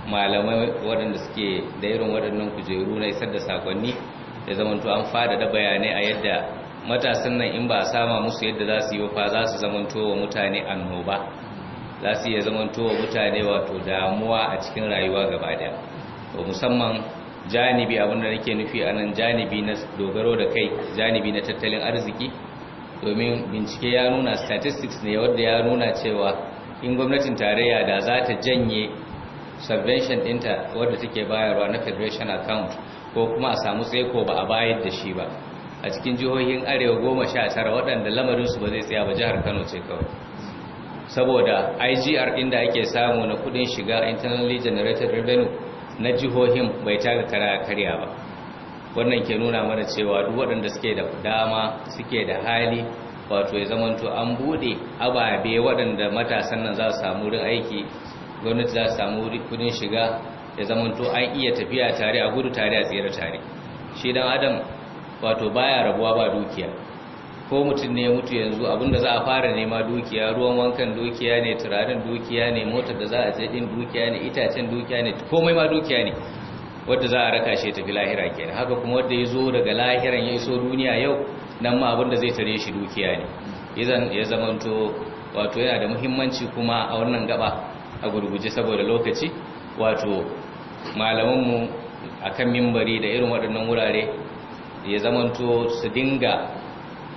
malamai waɗanda suke da irin waɗannan kujeru na isar da sakonni ya zamanto an da bayanai a yadda matasan nan in ba a sama musu yadda za su yi fa za su zamanto wa mutane annoba za su iya zamanto wa mutane wato damuwa a cikin rayuwa gaba ɗaya musamman janibi abin abinda nake nufi a nan janibi na dogaro da kai janibi na tattalin arziki domin bincike ya nuna statistics ne wadda ya nuna cewa in gwamnatin tarayya da za ta janye subvention dinta wadda take bayarwa na federation account ko kuma a samu tsaiko ba a bayar da shi ba a cikin jihohin arewa goma sha tara waɗanda lamarinsu ba zai tsaya ba jihar kano ce kawai saboda igr inda ake samu na kudin shiga internally generated revenue na jihohin bai taka kara karya ba wannan ke nuna mana cewa duk waɗanda suke da dama suke da hali wato ya to an bude ababe waɗanda matasan nan za su samu wurin aiki gwamnati za su samu kudin shiga ya zamanto an iya tafiya tare a gudu tare a tsere tare shi dan adam wato baya rabuwa ba dukiya ko mutum ne mutu yanzu abinda za a fara nema dukiya ruwan wankan dukiya ne turarin dukiya ne motar da za a tsaye dukiya ne itacen dukiya ne komai ma dukiya ne wadda za a raka shi ya tafi lahira kenan haka kuma wadda ya zo daga lahiran ya iso duniya yau nan ma abinda zai tare shi dukiya ne Izan ya zamanto wato yana da muhimmanci kuma a wannan gaba a gurguje saboda lokaci wato malamanmu akan mimbari da irin waɗannan wurare ya zamanto su dinga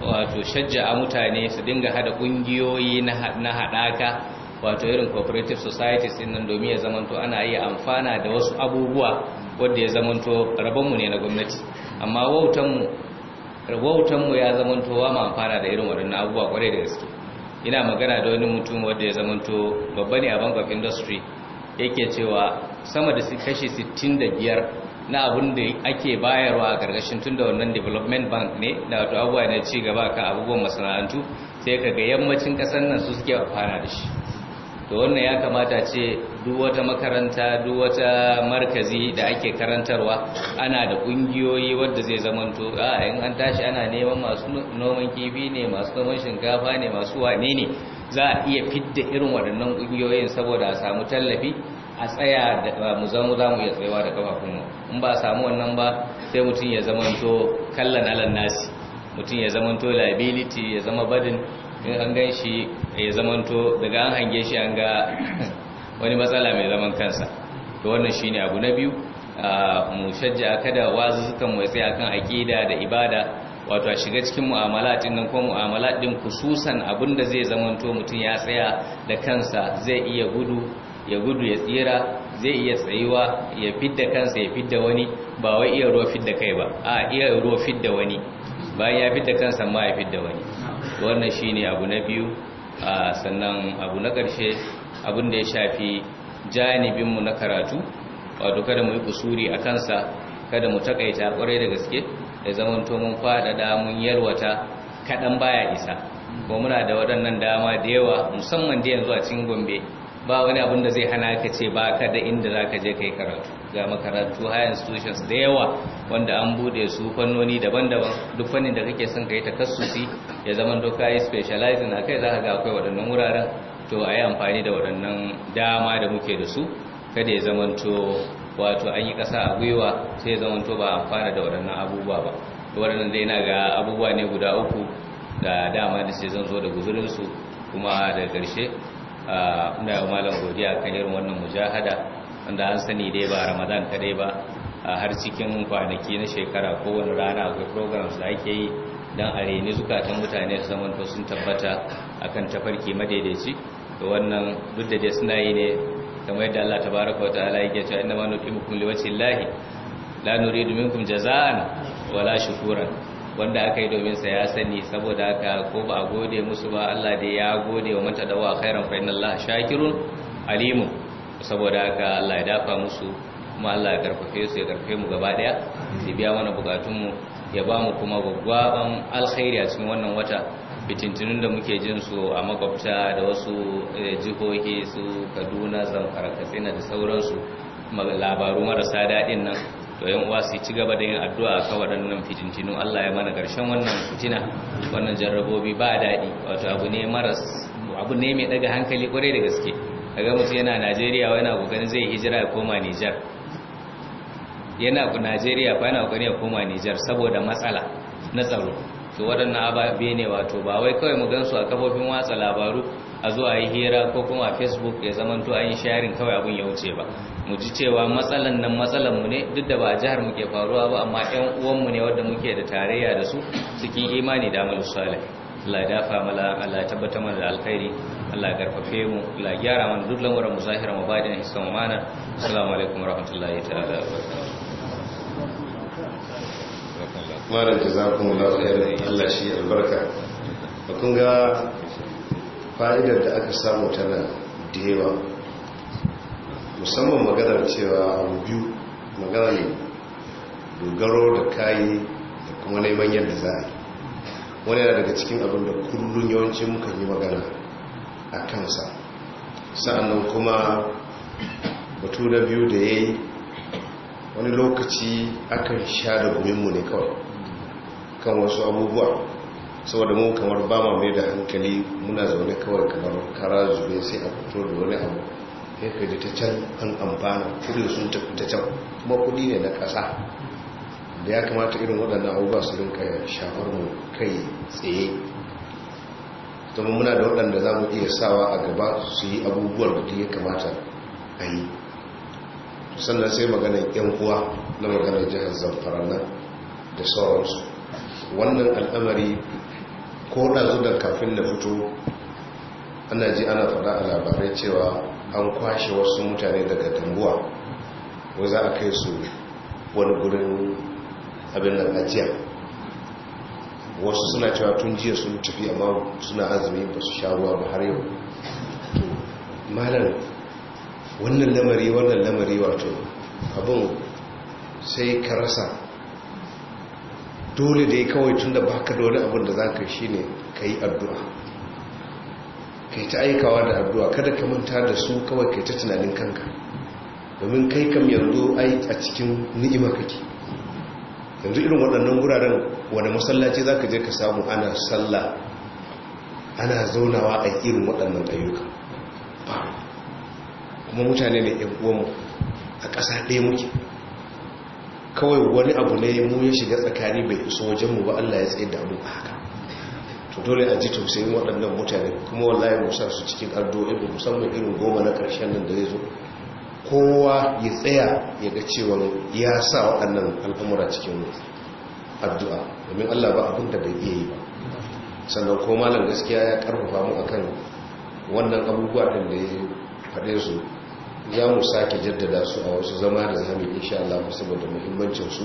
wato shajja'a mutane su dinga hada kungiyoyi na hadaka wato irin cooperative societies din nan domin ya zamanto ana iya amfana da wasu abubuwa wanda ya zamanto rabonmu ne na gwamnati amma wautanmu mu ya zamanto wa ma amfana da irin waɗannan abubuwa kwarai da gaske ina magana da wani mutum wanda ya zamanto babba ne a bank of industry yake cewa sama da kashi 65 na abin da ake bayarwa a gargashin tun da wannan development bank ne da wato abubuwa na ci gaba ka abubuwan masana'antu sai ka ga yammacin kasar nan su suke fara da shi to wannan ya kamata ce duk wata makaranta duk wata markazi da ake karantarwa ana da kungiyoyi wadda zai zamanto a in an tashi ana neman masu noman kifi ne masu noman shinkafa ne masu wane ne za a iya fidda irin waɗannan kungiyoyin saboda a samu tallafi a tsaya da mu zama za mu iya tsayawa da kafafunmu in ba a samu wannan ba sai mutum ya zamanto kallon alan nasi mutum ya zamanto liability ya zama badin in an gan shi ya zamanto daga an hange shi an ga wani matsala mai zaman kansa to wannan shine abu na biyu mu shajja kada suka mai tsaya kan aqida da ibada wato a shiga cikin mu'amala din nan ko mu'amalat din kususan abinda zai zamanto mutum ya tsaya da kansa zai iya gudu ya gudu ya tsira zai iya tsayuwa ya fidda kansa ya fidda wani ba wai iya ruwa fidda kai ba a iya ruwa fidda wani bayan ya fidda kansa ma ya fidda wani wannan shine abu na biyu sannan abu na ƙarshe abin da ya shafi janibinmu na karatu wato kada mu yi kusuri a kansa kada mu takaita kwarai da gaske da zaman to mun faɗaɗa mun yalwata kaɗan baya isa ko muna da waɗannan dama da yawa musamman da yanzu a cikin gombe ba wani abin da zai hana ka ce ba ka da inda za ka je ka yi karatu ga makarantu high institutions da yawa wanda an bude su fannoni daban-daban duk fannin da kake son ka yi takassusi ya zama doka yi specializing a kai za ka ga akwai waɗannan wuraren to a yi amfani da waɗannan dama da muke da su kada ya to wato an yi ƙasa a gwiwa sai ya zamanto ba amfana da waɗannan abubuwa ba waɗannan dai na ga abubuwa ne guda uku da dama da sai zan zo da guzurinsu kuma da ƙarshe ina ya malam godiya kan irin wannan mujahada wanda an sani dai ba ramadan kadai ba har cikin kwanaki na shekara kowane rana akwai programs da ake yi don a reni zukatan mutane su zama to sun tabbata akan tafarki madaidaici da wannan duk da dai suna yi ne kamar yadda Allah tabaraka wa ta'ala yake cewa inna ma nuqimukum liwajhi llahi la nuridu minkum jazaan wala shukuran wanda aka yi domin sa ya sani saboda haka ko ba a gode musu ba Allah dai ya gode wa mata dawa khairan fa inna Allah shakirun alimun saboda haka Allah ya dafa musu kuma Allah ya karfafe su ya karfafe mu gaba daya sai biya mana bukatun mu ya ba mu kuma gwaggwaban alkhairi a cikin wannan wata fitintunun da muke jin su a makwabta da wasu eh, jihohi su Kaduna Zamfara Katsina da sauransu labaru marasa daɗin nan to yan uwa su ci gaba da yin addu'a akan waɗannan fitintinu Allah ya mana ƙarshen wannan fitina wannan jarrabobi ba daɗi wato abu ne maras abu ne mai daga hankali kwarai da gaske daga mutum yana Najeriya wai yana kokarin zai hijira ya koma Niger yana ku Najeriya fa yana kokarin ya koma Niger saboda matsala na tsaro to waɗannan be ne wato ba wai kawai mu gansu a kafofin watsa labaru a zuwa yi hira ko kuma a Facebook ya zamanto an yi sharing kawai abun ya wuce ba mu ji cewa matsalan nan matsalan mu ne duk da ba a jihar mu ke faruwa ba amma ɗan uwan mu ne wanda muke da tarayya da su cikin imani da amal salih Allah dafa mala Allah tabbata mana da alkhairi Allah garfafe mu Allah gyara mana duk lamuran mu zahira mu badin hisan mana assalamu alaikum warahmatullahi ta'ala ku mara jazakumullahu khairan Allah shi albarka kun ga fa'idar da aka samu tana da yawa musamman maganar cewa abu biyu maganar dogaro da kayi da kuma neman yadda za a yi wani yana daga cikin abin da kullum yawanci muka yi magana a kansa sa'annan kuma batu na biyu da ya yi wani lokaci akan sha da guminmu ne kawai kan wasu abubuwa saboda mu kamar ba mamaye da hankali muna zaune kawai kamar kara zube sai a fito da wani abu ya kaji ta can an amfana kudin sun tafi ta can kuma kudi ne na ƙasa da ya kamata irin waɗannan abubuwa su rinka shafar mu kai tsaye zama muna da waɗanda za mu iya sawa a gaba su yi abubuwan da ya kamata a yi sannan sai maganar yan uwa na maganar jihar zamfara na da sauransu wannan al'amari ko ɗazu da kafin na fito ana ji ana faɗa a labarai cewa an kwashe wasu mutane daga tambuwa wai a kai su wani gurin abin nan ajiya wasu suna cewa tun jiya sun tafi amma suna azumi ba su sha ruwa ba har yau to malar wannan lamari wannan lamari wato abin sai ka rasa dole da ya kawai tun da baka da wani abin da za ka shi ne ka yi addu'a kai ta aikawa da addu'a kada ka manta da su kawai kai ta tunanin kanka domin kai kam yanzu ai a cikin ni'ima kake yanzu irin waɗannan wuraren wani masallaci za ka je ka samu ana sallah ana zaunawa a irin waɗannan ayyuka kuma mutane ne yan mu a ƙasa ɗaya muke kawai wani abu ne mu ya shiga tsakani bai iso wajenmu ba Allah ya tsaye da abu a haka to dole a ji tausayin waɗannan mutane kuma wallahi musa su cikin addu'o'i irin musamman irin goma na ƙarshen nan da ya zo kowa ya tsaya ya ga cewa ya sa waɗannan al'amura cikin addu'a domin Allah ba abin da bai iya yi ba sannan ko malam gaskiya ya karfafa mu akan wannan abubuwa ɗin da ya faɗe su za mu sake jaddada su a wasu zama da zamu insha Allah saboda muhimmancin su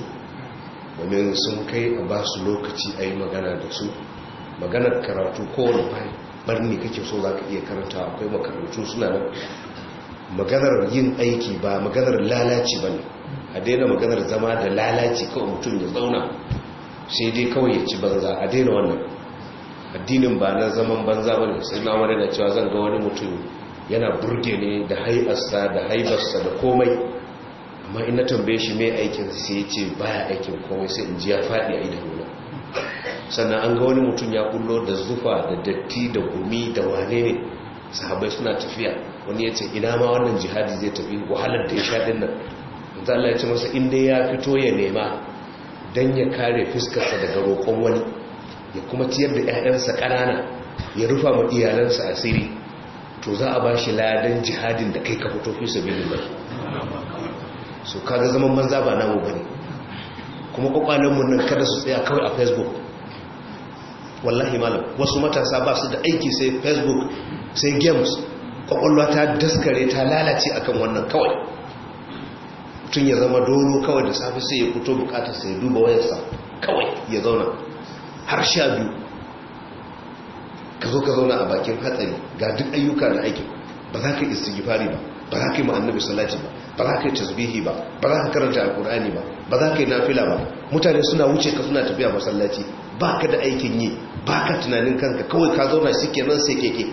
domin sun kai a ba su lokaci a yi magana da su maganar karatu kowane barni kake so za ka iya karanta akwai makarantu suna nan maganar yin aiki ba maganar lalaci ba ne a daina maganar zama da lalaci kawai mutum ya zauna sai dai kawai ya ci banza a daina wannan addinin ba na zaman banza ba ne sai na wani cewa zan ga wani mutum yana burge ne da haibarsa da haibarsa da komai amma ina tambaye shi mai aikin sai ya ce baya aikin komai sai in ji ya faɗi a idanuna sannan an ga wani mutum ya kullo da zufa da datti da gumi da wane ne sahabai suna tafiya wani ya ce ina ma wannan jihadi zai tafi wahalar da ya sha din nan manzo Allah ya ce masa in dai ya fito ya nema dan ya kare fuskarsa daga roƙon wani ya kuma ciyar da 'ya'yansa ƙanana ya rufa ma iyalansa asiri to za a bashi ladan jihadin da kai ka fito fi sabilillah so kaga zaman manza ba namu bane kuma kwakwalen mu nan kada su tsaya kawai a facebook wallahi malam wasu matasa ba su da aiki sai facebook sai games kwakwalwa ta daskare ta lalace akan wannan kawai tun ya zama doro kawai da safe sai ya fito bukata sai duba wayarsa kawai ya zauna har sha biyu ka zo ka zauna a bakin hatsari ga duk ayyuka da aikin ba za ka yi fari ba ba za ka yi ma'annabi salati ba ba za ka yi tasbihi ba ba za ka karanta alkur'ani ba ba za ka yi nafila ba mutane suna wuce ka suna tafiya masallaci ba ka da aikin yi baka tunanin kanka kawai ka zauna shi nan sai keke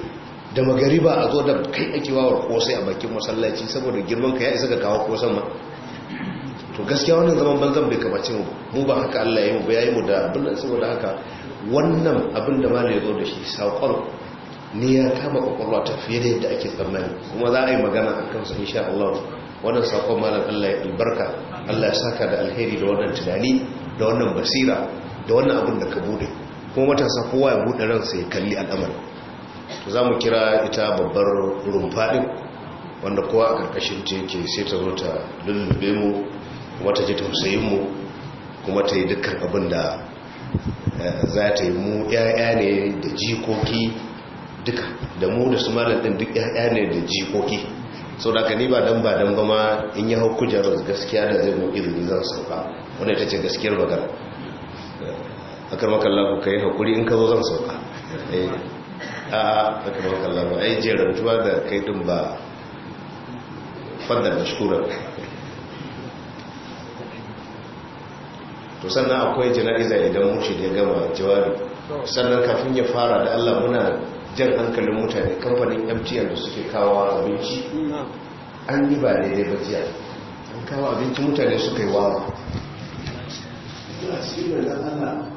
da magari ba a zo da kai ake wawar kosai a bakin masallaci saboda girman ka ya isa ka kawo kosan ma to gaskiya wannan zaman banzan bai kamace mu mu ba haka Allah ya yi mu ya mu da abin nan saboda haka wannan abin da malai zo da shi saƙon ne ya kama kwakwalwa ta fiye da yadda ake tsammani kuma za a yi magana a kansa insha Allah wannan saƙon malam Allah ya albarka Allah ya saka da alheri da wannan tunani da wannan basira da wannan abin da ka bude kuma matasa kowa ya buɗe ransa ya kalli to za mu kira ita babbar rumfaɗin wanda kowa a ƙarƙashin ce sai ta zo ta lullube mu kuma ta ji tausayin mu kuma ta yi dukkan abin da eh, za ta yi mu ‘ya'ya ne da jikoki duka da mu da su malar ɗin duk ‘ya'ya ne da jikoki sau da ka ba don ba don ba ma in yi hau kujar gaskiya da zai mu irin zan sauka wanda ita ce gaskiyar bagar a karmakan labu ka yi haƙuri in ka zo zan sauka eh, a karmakan labu a yi jerantuwa da kai din ba fadar mashkurar to sannan akwai jana'iza idan mushi da ya gama jawabi sannan kafin ya fara da allah muna jan hankalin mutane kamfanin mtn da suke kawo abinci an yi ba da ya bajiya an kawo abinci mutane suka yi wawa